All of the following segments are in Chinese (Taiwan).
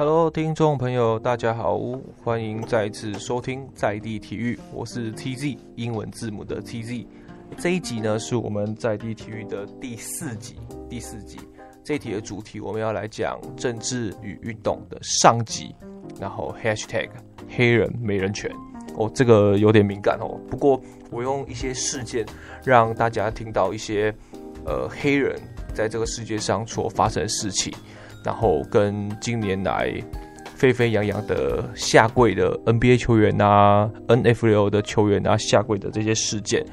Hello，聽眾朋友，大家好，歡迎再次收聽在地體育，我是 TZ 英文字母的 TZ。這一集呢是我們在地體育的第四集，第四集這一集的主題我們要來講政治與運動的上集，然後 #hashtag 黑人沒人權哦，這個有點敏感哦，不過我用一些事件讓大家聽到一些呃黑人在這個世界上所發生的事情。然後跟今年來沸沸揚揚的下跪的 NBA 球員啊、NFL 的球員啊下跪的這些事件，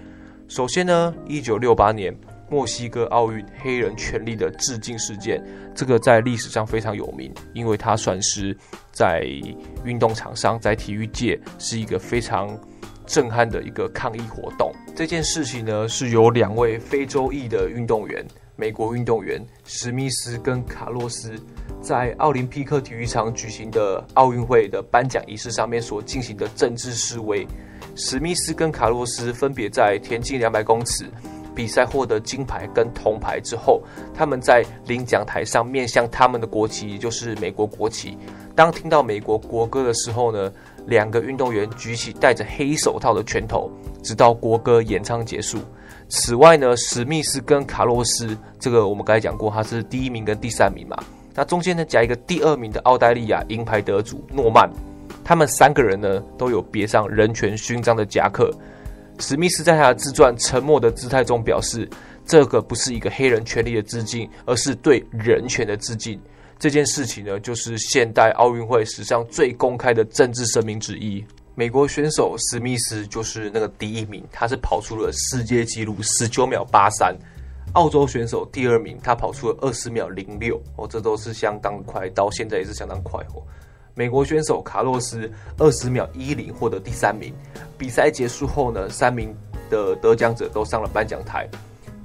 首先呢，一九六八年墨西哥奧運黑人權利的致敬事件，這個在歷史上非常有名，因為它算是在運動場上、在體育界是一個非常震撼的一個抗議活動。這件事情呢，是由兩位非洲裔的運動員。美國運動員史密斯跟卡洛斯在奧林匹克體育場舉行的奧運會的頒獎儀式上面所進行的政治示威。史密斯跟卡洛斯分別在田徑兩百公尺比賽獲得金牌跟銅牌之後，他們在領獎台上面向他們的國旗，也就是美國國旗。當聽到美國國歌的時候呢，兩個運動員舉起戴着黑手套的拳頭。直到國歌演唱結束。此外呢，史密斯跟卡洛斯，這個我們剛才講過，他是第一名跟第三名嘛。那中間呢，夾一個第二名的澳大利亞銀牌得主諾曼，他們三個人呢，都有別上人權勳章的夾克。史密斯在他的自傳《沉默的姿態》中表示，這個不是一個黑人權利的致敬，而是對人權的致敬。這件事情呢，就是現代奧運會史上最公開的政治聲明之一。美國選手史密斯就是那個第一名，他是跑出了世界紀錄十九秒八三。澳洲選手第二名，他跑出了二十秒零六。哦，這都是相當快，到現在也是相當快哦。美國選手卡洛斯二十秒一零獲得第三名。比賽結束後呢，三名的得獎者都上了頒獎台。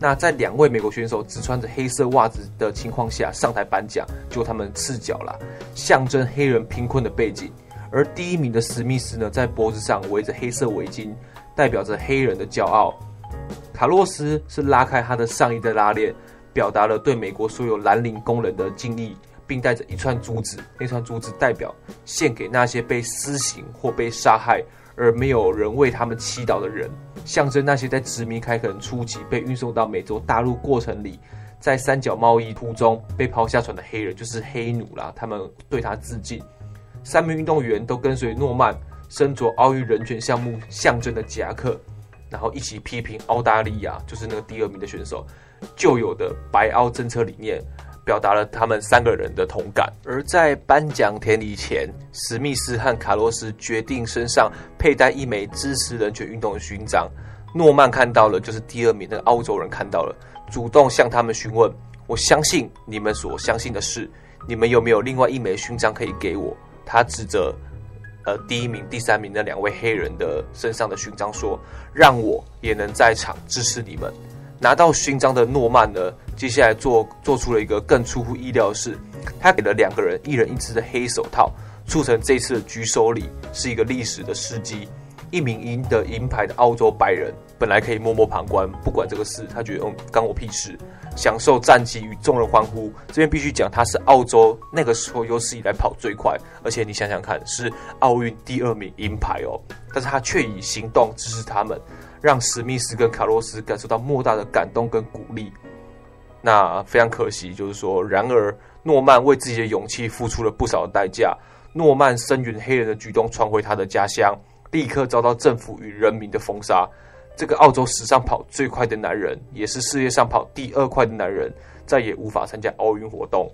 那在兩位美國選手只穿着黑色襪子的情況下上台頒獎，就他們赤腳了，象徵黑人貧困的背景。而第一名的史密斯呢，在脖子上圍着黑色圍巾，代表着黑人的驕傲。卡洛斯是拉開他的上衣的拉鏈，表達了對美國所有藍領工人的敬意，並帶着一串珠子，那串珠子代表獻給那些被私刑或被殺害而沒有人為他們祈禱的人，象徵那些在殖民開墾初期被運送到美洲大陸過程裡，在三角貿易途中被拋下船的黑人，就是黑奴啦，他們對他致敬。三名運動員都跟隨諾曼，身着奧運人權項目象徵的夾克，然後一起批評澳大利亞，就是那個第二名的選手，舊有的白澳政策理念，表達了他們三個人的同感。而在頒獎典禮前，史密斯和卡洛斯決定身上佩戴一枚支持人權運動的勳章。諾曼看到了，就是第二名那個澳洲人看到了，主動向他們詢問：“我相信你們所相信的事，你們有沒有另外一枚勳章可以給我？”他指着，呃，第一名、第三名的兩位黑人的身上的勳章說：“讓我也能在場支持你們。”拿到勳章的諾曼呢，接下來做做出了一個更出乎意料的事，他給了兩個人一人一隻的黑手套，促成這次的舉手禮是一個歷史的事跡。一名贏得銀牌的澳洲白人本來可以默默旁觀，不管這個事，他覺得嗯干我屁事，享受戰績與眾人歡呼。這邊必須講，他是澳洲那個時候有史以來跑最快，而且你想想看，是奧運第二名銀牌哦。但是他卻以行動支持他們，讓史密斯跟卡洛斯感受到莫大的感動跟鼓勵。那非常可惜，就是說，然而諾曼為自己的勇氣付出了不少的代價。諾曼聲援黑人的舉動傳回他的家鄉。立刻遭到政府與人民的封殺。這個澳洲史上跑最快的男人，也是世界上跑第二快的男人，再也無法參加奧運活動。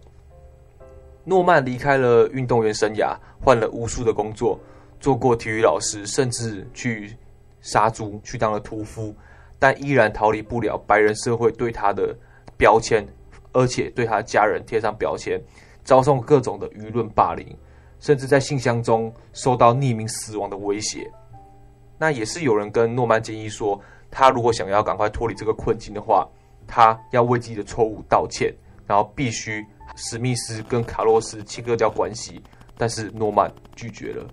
諾曼離開了運動員生涯，換了無數的工作，做過體育老師，甚至去殺豬，去當了屠夫，但依然逃離不了白人社會對他的標籤，而且對他家人貼上標籤，遭受各種的輿論霸凌。甚至在信箱中受到匿名死亡的威脅，那也是有人跟諾曼建議說，他如果想要趕快脫離這個困境的話，他要為自己的錯誤道歉，然後必須史密斯跟卡洛斯切割掉關係。但是諾曼拒絕了，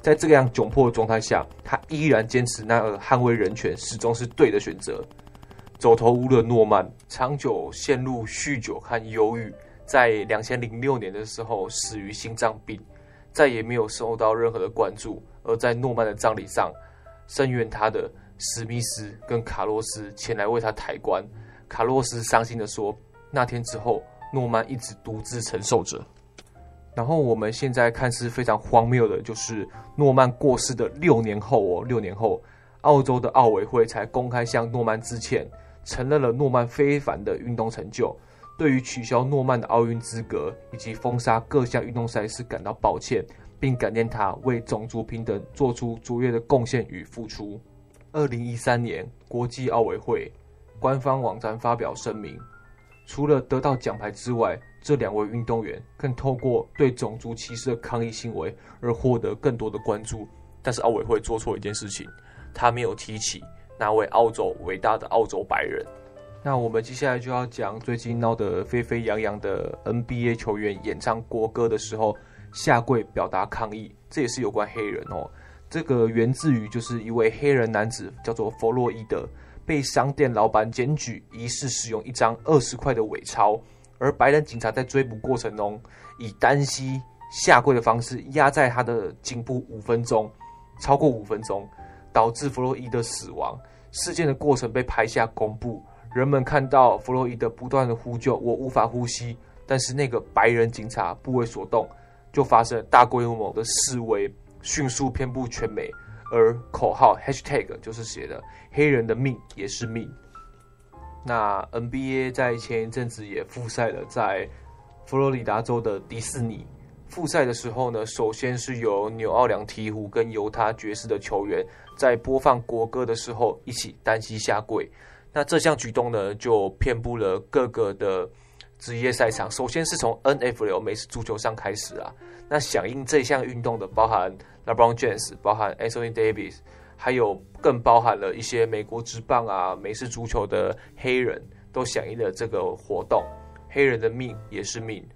在這樣窘迫的狀態下，他依然堅持那個捍衛人權始終是對的選擇。走投無路的諾曼，長久陷入酗酒和憂鬱，在兩千零六年的時候死於心臟病。再也沒有受到任何的關注，而在諾曼的葬禮上，聲援他的史密斯跟卡洛斯前來為他抬棺。卡洛斯傷心地說：“那天之後，諾曼一直獨自承受着。 ”然後我們現在看似非常荒謬的，就是諾曼過世的六年後哦，六年後，澳洲的奧委會才公開向諾曼致歉，承認了諾曼非凡的運動成就。對於取消諾曼的奧運資格以及封殺各項運動賽事感到抱歉，並感念他為種族平等做出卓越的貢獻與付出。二零一三年，國際奧委會官方網站發表聲明，除了得到獎牌之外，這兩位運動員更透過對種族歧視的抗議行為而獲得更多的關注。但是奧委會做錯一件事情，他沒有提起那位澳洲偉大的澳洲白人。那我們接下來就要講最近鬧得沸沸揚揚的 NBA 球員演唱國歌的時候下跪表達抗議，這也是有關黑人哦。這個源自於就是一位黑人男子叫做弗洛伊德，被商店老板檢舉疑似使用一張二十塊的偽鈔，而白人警察在追捕過程中以單膝下跪的方式壓在他的頸部五分鐘，超過五分鐘導致弗洛伊德死亡。事件的過程被拍下公布。人們看到弗洛伊德不斷的呼救，我無法呼吸，但是那個白人警察不為所動。就發生了大規模的示威，迅速遍布全美，而口號 #hashtag# 就是寫的黑人的命也是命。那 NBA 在前一陣子也復賽了，在佛羅里達州的迪士尼復賽的時候呢，首先是由紐奧良鵜鶘跟猶他爵士的球員在播放國歌的時候一起單膝下跪。那這項舉動呢，就遍布了各個的職業賽場。首先是從 NFL 美式足球上開始啊。那響應這項運動的，包含 LeBron James，包含 Anthony Davis，還有更包含了一些美國職棒啊，美式足球的黑人都響應了這個活動。黑人的命也是命。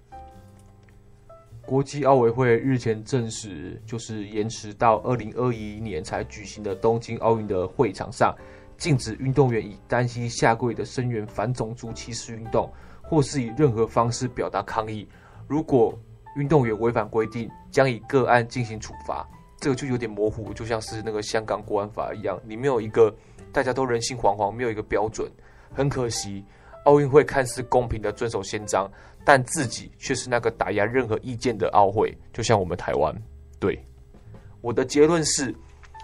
國際奧委會日前證實，就是延遲到二零二一年才舉行的東京奧運的會場上，禁止運動員以單膝下跪的聲援反種族歧視運動，或是以任何方式表達抗議。如果運動員違反規定，將以個案進行處罰。這個就有點模糊，就像是那個香港國安法一樣，你沒有一個大家都人心惶惶，沒有一個標準。很可惜，奧運會看似公平的遵守憲章，但自己卻是那個打壓任何意見的奧會。就像我們台灣。對。我的結論是。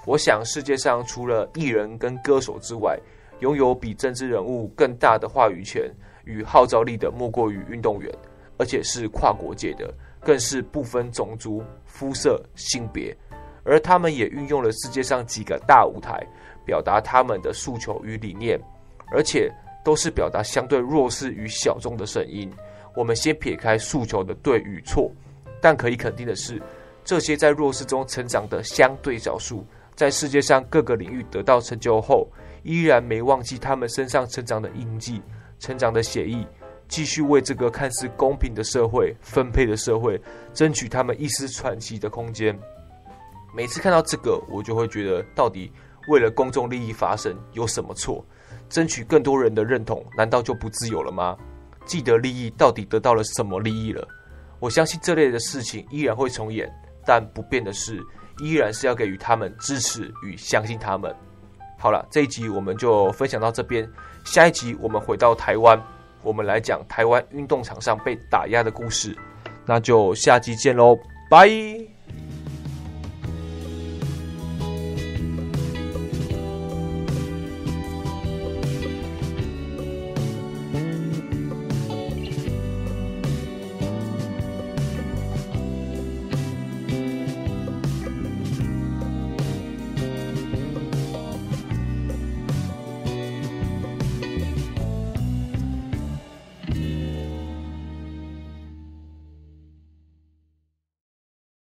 我想，世界上除了藝人跟歌手之外，擁有比政治人物更大的話語權與號召力的，莫過於運動員，而且是跨國界的，更是不分種族、膚色、性別。而他們也運用了世界上幾個大舞台，表達他們的訴求與理念，而且都是表達相對弱勢與小眾的聲音。我們先撇開訴求的對與錯，但可以肯定的是，這些在弱勢中成長的相對少數。在世界上各個領域得到成就後，依然沒忘記他們身上成長的印記、成長的血液，繼續為這個看似公平的社會、分配的社會，爭取他們一絲喘息的空間。每次看到這個，我就會覺得，到底為了公眾利益發聲有什麼錯？爭取更多人的認同，難道就不自由了嗎？既得利益到底得到了什麼利益了？我相信這類的事情依然會重演，但不變的是。依然是要給予他們支持與相信他們。好了，這一集我們就分享到這邊，下一集我們回到台灣，我們來講台灣運動場上被打壓的故事，那就下集見嘍，拜。